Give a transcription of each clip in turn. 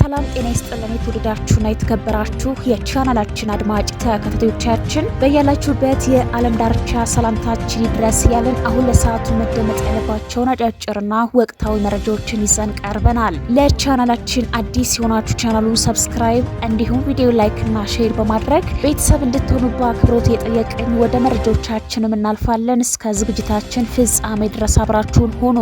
ሰላም ጤና ይስጥልን። የተወደዳችሁና የተከበራችሁ የቻናላችን አድማጭ ተከታታዮቻችን በያላችሁበት የዓለም ዳርቻ ሰላምታችን ይድረስ ያለን አሁን ለሰዓቱ መደመጥ ያለባቸውን አጫጭርና ወቅታዊ መረጃዎችን ይዘን ቀርበናል። ለቻናላችን አዲስ የሆናችሁ ቻናሉን ሰብስክራይብ እንዲሁም ቪዲዮ ላይክና ሼር በማድረግ ቤተሰብ እንድትሆኑ በአክብሮት የጠየቅን ወደ መረጃዎቻችንም እናልፋለን። እስከ ዝግጅታችን ፍጻሜ ድረስ አብራችሁን ሆኖ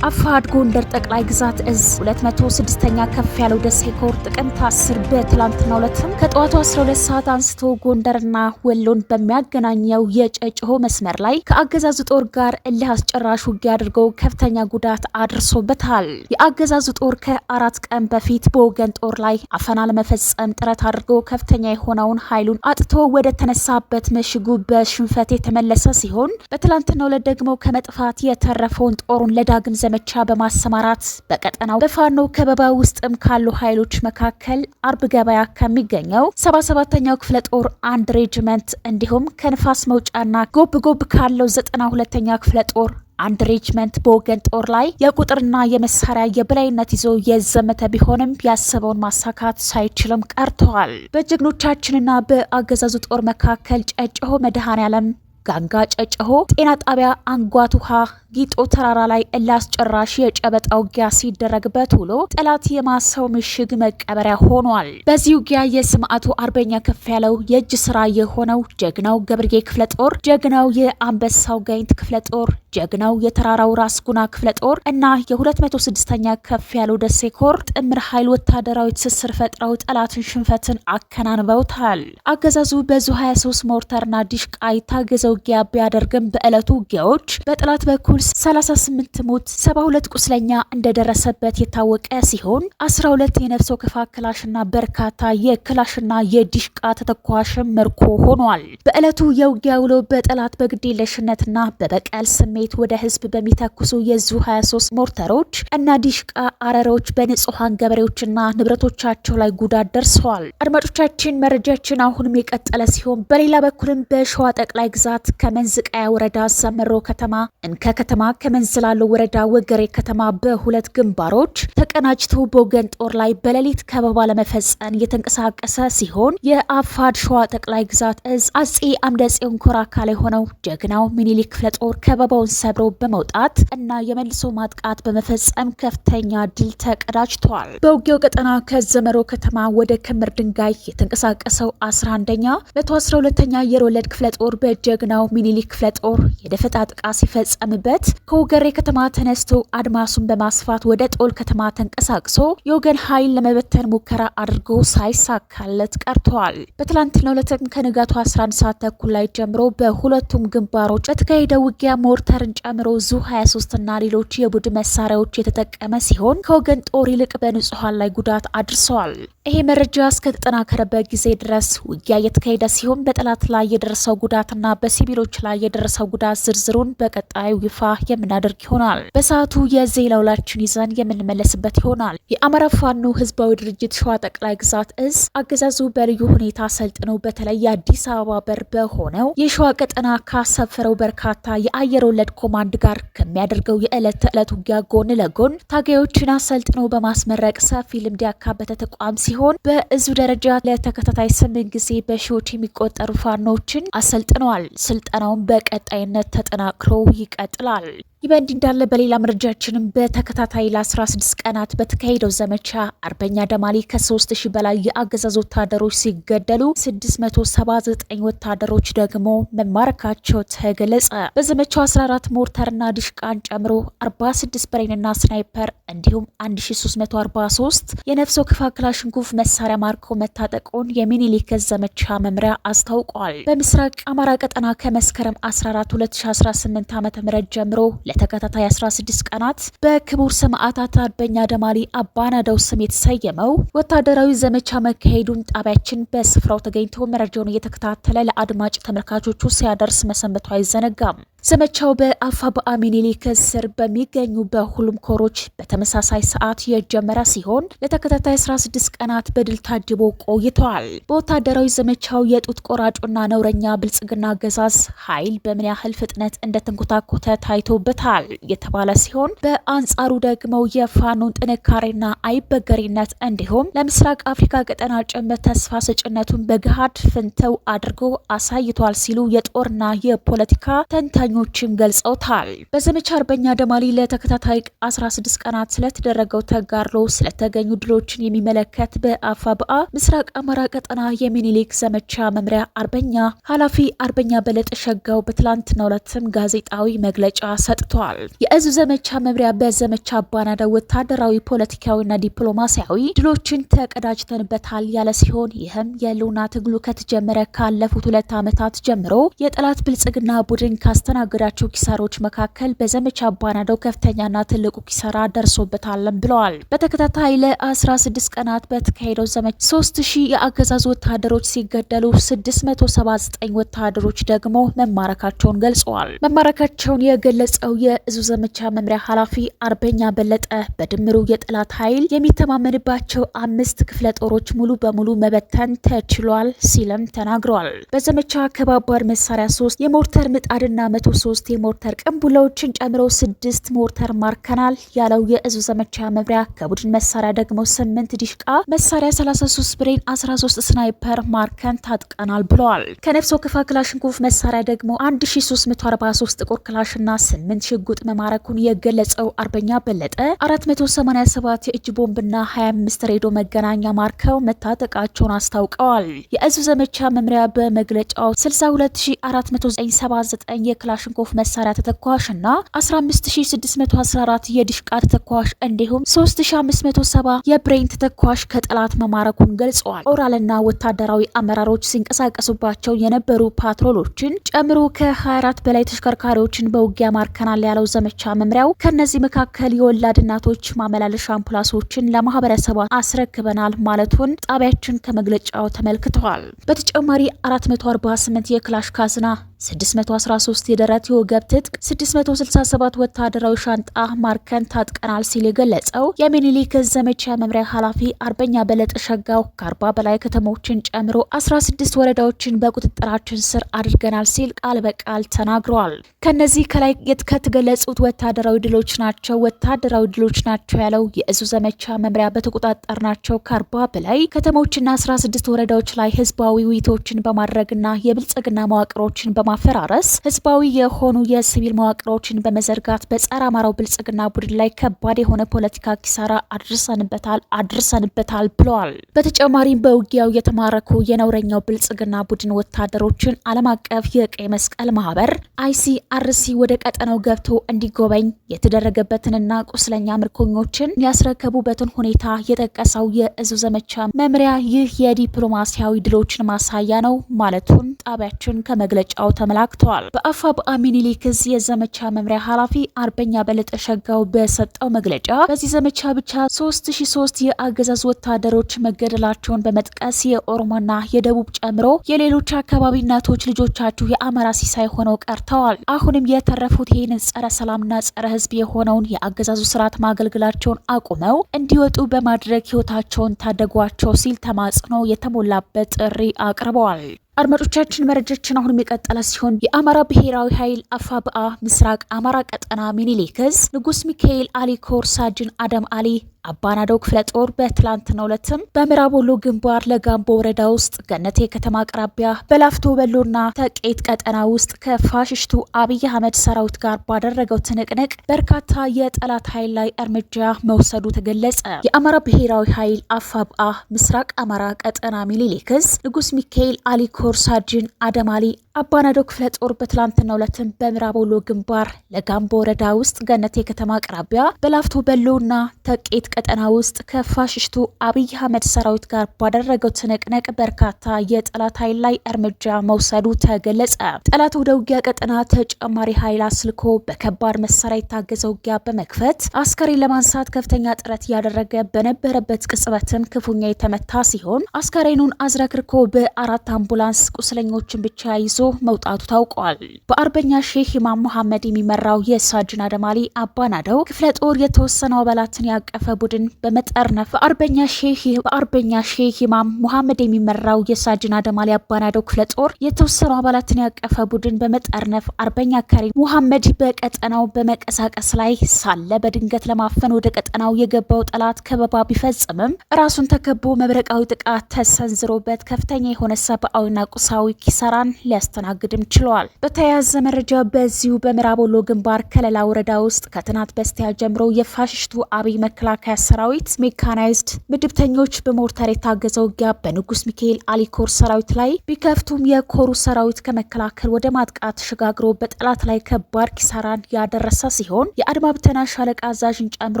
አፋሕድ ጎንደር ጠቅላይ ግዛት እዝ 206ኛ ከፍ ያለው ደስ ከወርጥ ቀን ታስር በትላንትናው ዕለትም ከጠዋቱ 12 ሰዓት አንስቶ ጎንደርና ወሎን በሚያገናኘው የጨጭሆ መስመር ላይ ከአገዛዙ ጦር ጋር እልህ አስጨራሽ ውጊያ አድርገው ከፍተኛ ጉዳት አድርሶበታል። የአገዛዙ ጦር ከአራት ቀን በፊት በወገን ጦር ላይ አፈና ለመፈጸም ጥረት አድርጎ ከፍተኛ የሆነውን ኃይሉን አጥቶ ወደ ተነሳበት ምሽጉ በሽንፈት የተመለሰ ሲሆን በትላንትናው ዕለት ደግሞ ከመጥፋት የተረፈውን ጦሩን ለዳግም ዘመቻ በማሰማራት በቀጠናው በፋኖ ከበባ ውስጥም ካሉ ኃይል ኃይሎች መካከል አርብ ገበያ ከሚገኘው 77ኛው ክፍለ ጦር አንድ ሬጅመንት እንዲሁም ከንፋስ መውጫና ጎብ ጎብ ካለው 92ኛ ክፍለ ጦር አንድ ሬጅመንት በወገን ጦር ላይ የቁጥርና የመሳሪያ የበላይነት ይዞ የዘመተ ቢሆንም ያሰበውን ማሳካት ሳይችልም ቀርተዋል። በጀግኖቻችንና በአገዛዙ ጦር መካከል ጨጨሆ መድኃኔ ዓለም፣ ጋንጋ ጨጨሆ ጤና ጣቢያ፣ አንጓት ውሃ ጊጦ ተራራ ላይ እላስጨራሽ የጨበጣ ውጊያ ሲደረግበት ውሎ ጠላት የማሰው ምሽግ መቀበሪያ ሆኗል። በዚህ ውጊያ የስምዓቱ አርበኛ ከፍ ያለው የእጅ ስራ የሆነው ጀግናው ገብርጌ ክፍለ ጦር፣ ጀግናው የአንበሳው ጋይንት ክፍለ ጦር፣ ጀግናው የተራራው ራስ ጉና ክፍለ ጦር እና የ206ኛ ከፍ ያለው ደሴ ኮር ጥምር ኃይል ወታደራዊ ትስስር ፈጥረው ጠላትን ሽንፈትን አከናንበውታል። አገዛዙ በዙ 23 ሞርተርና ዲሽቃ የታገዘ ውጊያ ቢያደርግም በዕለቱ ውጊያዎች በጠላት በኩል 38 ሞት 72 ቁስለኛ እንደደረሰበት የታወቀ ሲሆን 12 የነፍስ ወከፍ ክላሽና በርካታ የክላሽና የዲሽቃ ተተኳሽም ምርኮ ሆኗል። በዕለቱ የውጊያ ውሎ በጠላት በግዴለሽነትና በበቀል ስሜት ወደ ህዝብ በሚተኩሱ የዙ 23 ሞርተሮች እና ዲሽቃ አረሮች በንጹሐን ገበሬዎችና ንብረቶቻቸው ላይ ጉዳት ደርሰዋል። አድማጮቻችን መረጃችን አሁንም የቀጠለ ሲሆን በሌላ በኩልም በሸዋ ጠቅላይ ግዛት ከመንዝቃያ ወረዳ ሰመሮ ከተማ እንከ ከተማ ከተማ ስላለው ወረዳ ወገሬ ከተማ በሁለት ግንባሮች ተቀናጅተው በወገን ጦር ላይ በሌሊት ከበባ ለመፈጸም የተንቀሳቀሰ ሲሆን የአፋድ ሸዋ ጠቅላይ ግዛት እዝ አጼ አምደ ጽዮን ኮር አካል የሆነው ጀግናው ሚኒሊክ ክፍለ ጦር ከበባውን ሰብሮ በመውጣት እና የመልሶ ማጥቃት በመፈጸም ከፍተኛ ድል ተቀዳጅተዋል። በውጊያው ቀጠና ከዘመሮ ከተማ ወደ ክምር ድንጋይ የተንቀሳቀሰው 11ኛ 112ኛ አየር ወለድ ክፍለ ጦር በጀግናው ሚኒሊክ ክፍለ ጦር የደፈጣ ጥቃት ሲፈጸምበት በማለት ከወገሬ ከተማ ተነስቶ አድማሱን በማስፋት ወደ ጦል ከተማ ተንቀሳቅሶ የወገን ኃይል ለመበተን ሙከራ አድርጎ ሳይሳካለት ቀርተዋል። በትላንትናው ዕለትም ከንጋቱ 11 ሰዓት ተኩል ላይ ጀምሮ በሁለቱም ግንባሮች የተካሄደ ውጊያ ሞርተርን ጨምሮ ዙ 23 እና ሌሎች የቡድን መሳሪያዎች የተጠቀመ ሲሆን ከወገን ጦር ይልቅ በንጹሐን ላይ ጉዳት አድርሰዋል። ይሄ መረጃ እስከተጠናከረበት ጊዜ ድረስ ውጊያ እየተካሄደ ሲሆን በጠላት ላይ የደረሰው ጉዳትና በሲቪሎች ላይ የደረሰው ጉዳት ዝርዝሩን በቀጣዩ ይፋ የምናደርግ ይሆናል። በሰዓቱ የዜላውላችን ይዘን የምንመለስበት ይሆናል። የአማራ ፋኖ ህዝባዊ ድርጅት ሸዋ ጠቅላይ ግዛት እዝ አገዛዙ በልዩ ሁኔታ ሰልጥነው በተለይ የአዲስ አበባ በር በሆነው የሸዋ ቀጠና ካሰፈረው በርካታ የአየር ወለድ ኮማንድ ጋር ከሚያደርገው የዕለት ተዕለት ውጊያ ጎን ለጎን ታጋዮችን አሰልጥኖ በማስመረቅ ሰፊ ልምድ ያካበተ ተቋም ሲ ሲሆን በእዙ ደረጃ ለተከታታይ ስምንት ጊዜ በሺዎች የሚቆጠሩ ፋኖችን አሰልጥነዋል። ስልጠናውን በቀጣይነት ተጠናክሮ ይቀጥላል። ይህ እንዳለ በሌላ መረጃችንም በተከታታይ ለ16 ቀናት በተካሄደው ዘመቻ አርበኛ ደማሊ ከ3000 በላይ የአገዛዝ ወታደሮች ሲገደሉ 679 ወታደሮች ደግሞ መማረካቸው ተገለጸ። በዘመቻው 14 ሞርተርና ድሽቃን ጨምሮ 46 ብሬንና ስናይፐር እንዲሁም 1343 የነፍስ ወከፍ ክላሽንኩፍ መሳሪያ ማርኮ መታጠቁን የሚኒሊክ ዘመቻ መምሪያ አስታውቋል። በምስራቅ አማራ ቀጠና ከመስከረም 14 2018 ዓ ም ጀምሮ ለተከታታይ 16 ቀናት በክቡር ሰማዕታት አርበኛ ደማሊ አባናደው ስም የተሰየመው ወታደራዊ ዘመቻ መካሄዱን ጣቢያችን በስፍራው ተገኝቶ መረጃውን እየተከታተለ ለአድማጭ ተመልካቾቹ ሲያደርስ መሰንበቱ አይዘነጋም። ዘመቻው በአፋብአ ሚኒሊክ ስር በሚገኙ በሁሉም ኮሮች በተመሳሳይ ሰዓት የጀመረ ሲሆን ለተከታታይ 16 ቀናት በድል ታጅቦ ቆይተዋል። በወታደራዊ ዘመቻው የጡት ቆራጩና ነውረኛ ብልጽግና አገዛዝ ኃይል በምን ያህል ፍጥነት እንደተንኮታኮተ ታይቶበታል የተባለ ሲሆን በአንጻሩ ደግሞ የፋኖን ጥንካሬና አይበገሪነት እንዲሁም ለምስራቅ አፍሪካ ቀጠና ጭምር ተስፋ ሰጭነቱን በግሃድ ፍንተው አድርጎ አሳይቷል ሲሉ የጦርና የፖለቲካ ተንታኞ ጋዜጠኞችም ገልጸውታል። በዘመቻ አርበኛ ደማሊ ለተከታታይ 16 ቀናት ስለተደረገው ተጋድሎ ስለተገኙ ድሎችን የሚመለከት በአፋብአ ምስራቅ አማራ ቀጠና የሚኒሊክ ዘመቻ መምሪያ አርበኛ ኃላፊ አርበኛ በለጠ ሸጋው በትላንትናው ዕለትም ጋዜጣዊ መግለጫ ሰጥቷል። የእዙ ዘመቻ መምሪያ በዘመቻ አባናደ ወታደራዊ፣ ፖለቲካዊና ዲፕሎማሲያዊ ድሎችን ተቀዳጅተንበታል ያለ ሲሆን ይህም የህልውና ትግሉ ከተጀመረ ካለፉት ሁለት ዓመታት ጀምሮ የጠላት ብልጽግና ቡድን ካስተና ካስተናገዳቸው ኪሳራዎች መካከል በዘመቻ አባናደው ከፍተኛና ትልቁ ኪሳራ ደርሶበታለን ብለዋል። በተከታታይ ለ16 ቀናት በተካሄደው ዘመቻ 3000 የአገዛዙ ወታደሮች ሲገደሉ 679 ወታደሮች ደግሞ መማረካቸውን ገልጸዋል። መማረካቸውን የገለጸው የእዙ ዘመቻ መምሪያ ኃላፊ አርበኛ በለጠ በድምሩ የጠላት ኃይል የሚተማመንባቸው አምስት ክፍለ ጦሮች ሙሉ በሙሉ መበተን ተችሏል ሲልም ተናግረዋል። በዘመቻ ከባባድ መሳሪያ ሶስት የሞርተር ምጣድና መ 103 የሞርተር ቅንቡላዎችን ጨምሮ ስድስት ሞርተር ማርከናል ያለው የእዙ ዘመቻ መምሪያ ከቡድን መሳሪያ ደግሞ ስምንት ዲሽቃ መሳሪያ 33 ብሬን 13 ስናይፐር ማርከን ታጥቀናል ብለዋል። ከነፍስ ወከፍ ክላሽንኮቭ መሳሪያ ደግሞ 1343 ጥቁር ክላሽና 8 ሽጉጥ መማረኩን የገለጸው አርበኛ በለጠ 487 የእጅ ቦምብና 25 ሬዲዮ መገናኛ ማርከው መታጠቃቸውን አስታውቀዋል። የእዙ ዘመቻ መምሪያ በመግለጫው 62479 የክላ የክላሽንኮፍ መሳሪያ ተተኳሽ እና 15614 የዲሽቃ ተተኳሽ እንዲሁም 3570 የብሬን ተተኳሽ ከጠላት መማረኩን ገልጸዋል። ኦራልና ወታደራዊ አመራሮች ሲንቀሳቀሱባቸው የነበሩ ፓትሮሎችን ጨምሮ ከ24 በላይ ተሽከርካሪዎችን በውጊያ ማርከናል ያለው ዘመቻ መምሪያው ከነዚህ መካከል የወላድ እናቶች ማመላለሻ አምፑላሶችን ለማህበረሰቡ አስረክበናል ማለቱን ጣቢያችን ከመግለጫው ተመልክተዋል። በተጨማሪ 448 የክላሽ ካዝና 613 የደረት የወገብ ትጥቅ፣ 667 ወታደራዊ ሻንጣ ማርከን ታጥቀናል ሲል የገለጸው የሚኒሊክ ዘመቻ መምሪያ ኃላፊ አርበኛ በለጠ ሸጋው ከአርባ በላይ ከተሞችን ጨምሮ 16 ወረዳዎችን በቁጥጥራችን ስር አድርገናል ሲል ቃል በቃል ተናግረዋል። ከነዚህ ከላይ ከተገለጹት ወታደራዊ ድሎች ናቸው ወታደራዊ ድሎች ናቸው ያለው የእዙ ዘመቻ መምሪያ በተቆጣጠርናቸው ከአርባ በላይ ከተሞችና 16 ወረዳዎች ላይ ህዝባዊ ውይይቶችን በማድረግና የብልጽግና መዋቅሮችን በማ በማፈራረስ ህዝባዊ የሆኑ የሲቪል መዋቅሮችን በመዘርጋት በጸረ አማራው ብልጽግና ቡድን ላይ ከባድ የሆነ ፖለቲካ ኪሳራ አድርሰንበታል አድርሰንበታል ብለዋል። በተጨማሪም በውጊያው የተማረኩ የነውረኛው ብልጽግና ቡድን ወታደሮችን ዓለም አቀፍ የቀይ መስቀል ማህበር አይሲአርሲ ወደ ቀጠናው ገብቶ እንዲጎበኝ የተደረገበትንና ቁስለኛ ምርኮኞችን ያስረከቡበትን ሁኔታ የጠቀሰው የእዙ ዘመቻ መምሪያ ይህ የዲፕሎማሲያዊ ድሎችን ማሳያ ነው ማለቱን ጣቢያችን ከመግለጫው ተመላክተዋል። በአፋብአ ሚኒሊክ እዝ የዘመቻ መምሪያ ኃላፊ አርበኛ በለጠ ሸጋው በሰጠው መግለጫ በዚህ ዘመቻ ብቻ 3003 የአገዛዝ ወታደሮች መገደላቸውን በመጥቀስ የኦሮሞና የደቡብ ጨምሮ የሌሎች አካባቢ እናቶች ልጆቻችሁ የአማራ ሲሳይ ሆነው ቀርተዋል። አሁንም የተረፉት ይህንን ጸረ ሰላምና ጸረ ህዝብ የሆነውን የአገዛዙ ስርዓት ማገልገላቸውን አቁመው እንዲወጡ በማድረግ ህይወታቸውን ታደጓቸው ሲል ተማጽኖ የተሞላበት ጥሪ አቅርበዋል። አድማጮቻችን መረጃችን አሁንም የቀጠለ ሲሆን የአማራ ብሔራዊ ኃይል አፋብአ ምስራቅ አማራ ቀጠና ሚኒሊክ ንጉስ ሚካኤል አሊ ኮር ሳጅን አደም አሊ አባናደው ክፍለ ጦር በትላንትናው ዕለትም በምዕራብ ወሎ ግንባር ለጋምቦ ወረዳ ውስጥ ገነቴ ከተማ አቅራቢያ በላፍቶ በሎና ተቄት ቀጠና ውስጥ ከፋሽሽቱ አብይ አህመድ ሰራዊት ጋር ባደረገው ትንቅንቅ በርካታ የጠላት ኃይል ላይ እርምጃ መውሰዱ ተገለጸ። የአማራ ብሔራዊ ኃይል አፋብአ ምስራቅ አማራ ቀጠና ሚሊሊክስ ንጉስ ሚካኤል አሊኮር ሳጅን አደማሊ አባናዶ ክፍለ ጦር በትላንትናው ዕለትም በምዕራብ ወሎ ግንባር ለጋምቦ ወረዳ ውስጥ ገነቴ ከተማ አቅራቢያ በላፍቶ በሎና ተቄት ቀጠና ውስጥ ከፋሽሽቱ አብይ አህመድ ሰራዊት ጋር ባደረገው ትንቅንቅ በርካታ የጠላት ኃይል ላይ እርምጃ መውሰዱ ተገለጸ። ጠላት ወደ ውጊያ ቀጠና ተጨማሪ ኃይል አስልኮ በከባድ መሳሪያ የታገዘ ውጊያ በመክፈት አስከሬ ለማንሳት ከፍተኛ ጥረት እያደረገ በነበረበት ቅጽበትም ክፉኛ የተመታ ሲሆን አስከሬኑን አዝረክርኮ በአራት አምቡላንስ ቁስለኞችን ብቻ ይዞ መውጣቱ ታውቋል። በአርበኛ ሼህ ኢማም መሐመድ የሚመራው የሳጅን አደማሊ አባናደው ክፍለ ጦር የተወሰኑ አባላትን ያቀፈ ቡድን በመጠርነፍ አርበኛ ሼህ በአርበኛ ሼህ ኢማም ሙሐመድ የሚመራው የሳጅን አደማል አባናደው ክፍለ ጦር የተወሰኑ አባላትን ያቀፈ ቡድን በመጠርነፍ አርበኛ ካሪ ሙሐመድ በቀጠናው በመቀሳቀስ ላይ ሳለ በድንገት ለማፈን ወደ ቀጠናው የገባው ጠላት ከበባ ቢፈጽምም ራሱን ተከቦ መብረቃዊ ጥቃት ተሰንዝሮበት ከፍተኛ የሆነ ሰብአዊና ቁሳዊ ኪሳራን ሊያስተናግድም ችሏል። በተያያዘ መረጃ በዚሁ በምዕራብ ወሎ ግንባር ከለላ ወረዳ ውስጥ ከትናንት በስቲያ ጀምሮ የፋሽሽቱ አብይ መከላከያ የመከላከያ ሰራዊት ሜካናይዝድ ምድብተኞች በሞርተር የታገዘ ውጊያ በንጉስ ሚካኤል አሊኮር ሰራዊት ላይ ቢከፍቱም የኮሩ ሰራዊት ከመከላከል ወደ ማጥቃት ተሸጋግሮ በጠላት ላይ ከባድ ኪሳራን ያደረሰ ሲሆን የአድማ ብተና ሻለቃ አዛዥን ጨምሮ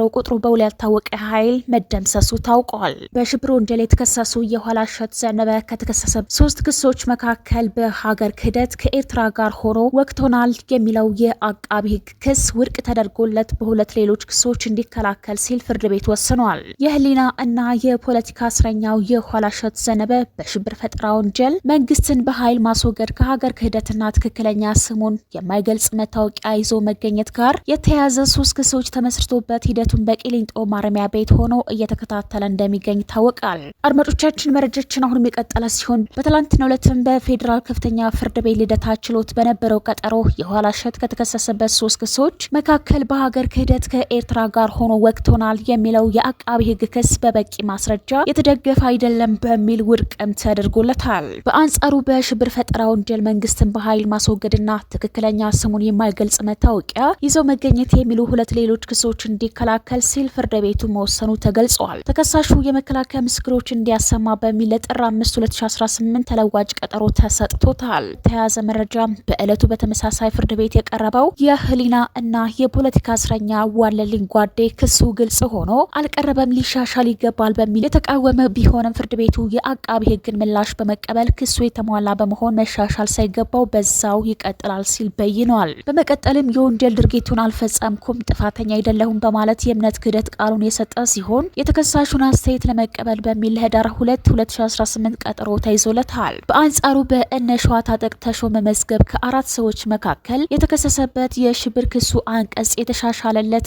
ቁጥሩ በውል ያልታወቀ ኃይል መደምሰሱ ታውቋል። በሽብር ወንጀል የተከሰሱ የኋላ እሸት ዘነበ ከተከሰሰ ሶስት ክሶች መካከል በሀገር ክህደት ከኤርትራ ጋር ሆኖ ወቅቶናል የሚለው የአቃቢ ህግ ክስ ውድቅ ተደርጎለት በሁለት ሌሎች ክሶች እንዲከላከል ሲል ፍርድ ቤት ቤት ወስኗል። የህሊና እና የፖለቲካ እስረኛው የኋላሸት ዘነበ በሽብር ፈጠራ ወንጀል መንግስትን በኃይል ማስወገድ ከሀገር ክህደትና ትክክለኛ ስሙን የማይገልጽ መታወቂያ ይዞ መገኘት ጋር የተያያዘ ሶስት ክሶች ተመስርቶበት ሂደቱን በቂሊንጦ ማረሚያ ቤት ሆኖ እየተከታተለ እንደሚገኝ ይታወቃል። አድማጮቻችን መረጃችን አሁንም የቀጠለ ሲሆን በትላንትናው ዕለትም በፌዴራል ከፍተኛ ፍርድ ቤት ልደታ ችሎት በነበረው ቀጠሮ የኋላሸት ከተከሰሰበት ሶስት ክሶች መካከል በሀገር ክህደት ከኤርትራ ጋር ሆኖ ወቅቶናል የሚ የሚለው የአቃቢ ሕግ ክስ በበቂ ማስረጃ የተደገፈ አይደለም በሚል ውድቅም ተደርጎለታል። በአንጻሩ በሽብር ፈጠራ ወንጀል መንግስትን በኃይል ማስወገድና ትክክለኛ ስሙን የማይገልጽ መታወቂያ ይዘው መገኘት የሚሉ ሁለት ሌሎች ክሶች እንዲከላከል ሲል ፍርድ ቤቱ መወሰኑ ተገልጿል። ተከሳሹ የመከላከያ ምስክሮች እንዲያሰማ በሚል ለጥር 5 2018 ተለዋጭ ቀጠሮ ተሰጥቶታል። ተያዘ መረጃ በዕለቱ በተመሳሳይ ፍርድ ቤት የቀረበው የህሊና እና የፖለቲካ እስረኛ ዋለልኝ ጓዴ ክሱ ግልጽ ሆኖ አልቀረበም፣ ሊሻሻል ይገባል በሚል የተቃወመ ቢሆንም ፍርድ ቤቱ የአቃቢ ሕግን ምላሽ በመቀበል ክሱ የተሟላ በመሆን መሻሻል ሳይገባው በዛው ይቀጥላል ሲል በይኗል። በመቀጠልም የወንጀል ድርጊቱን አልፈጸምኩም፣ ጥፋተኛ አይደለሁም በማለት የእምነት ክህደት ቃሉን የሰጠ ሲሆን የተከሳሹን አስተያየት ለመቀበል በሚል ህዳር 2 2018 ቀጠሮ ተይዞለታል። በአንጻሩ በእነሸዋ ታጠቅ ተሾመ መዝገብ ከአራት ሰዎች መካከል የተከሰሰበት የሽብር ክሱ አንቀጽ የተሻሻለለት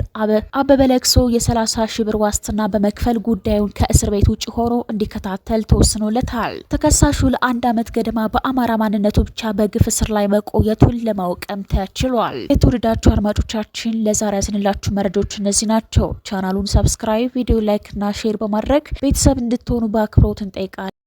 አበበ ለቅሶ የ30 ሺህ ብር ዋስትና በመክፈል ጉዳዩን ከእስር ቤት ውጭ ሆኖ እንዲከታተል ተወስኖለታል። ተከሳሹ ለአንድ ዓመት ገደማ በአማራ ማንነቱ ብቻ በግፍ እስር ላይ መቆየቱን ለማወቅም ተችሏል። የተወደዳችሁ አድማጮቻችን ለዛሬ ያዝንላችሁ መረጃዎች እነዚህ ናቸው። ቻናሉን ሰብስክራይብ፣ ቪዲዮ ላይክ እና ሼር በማድረግ ቤተሰብ እንድትሆኑ በአክብሮት እንጠይቃለን።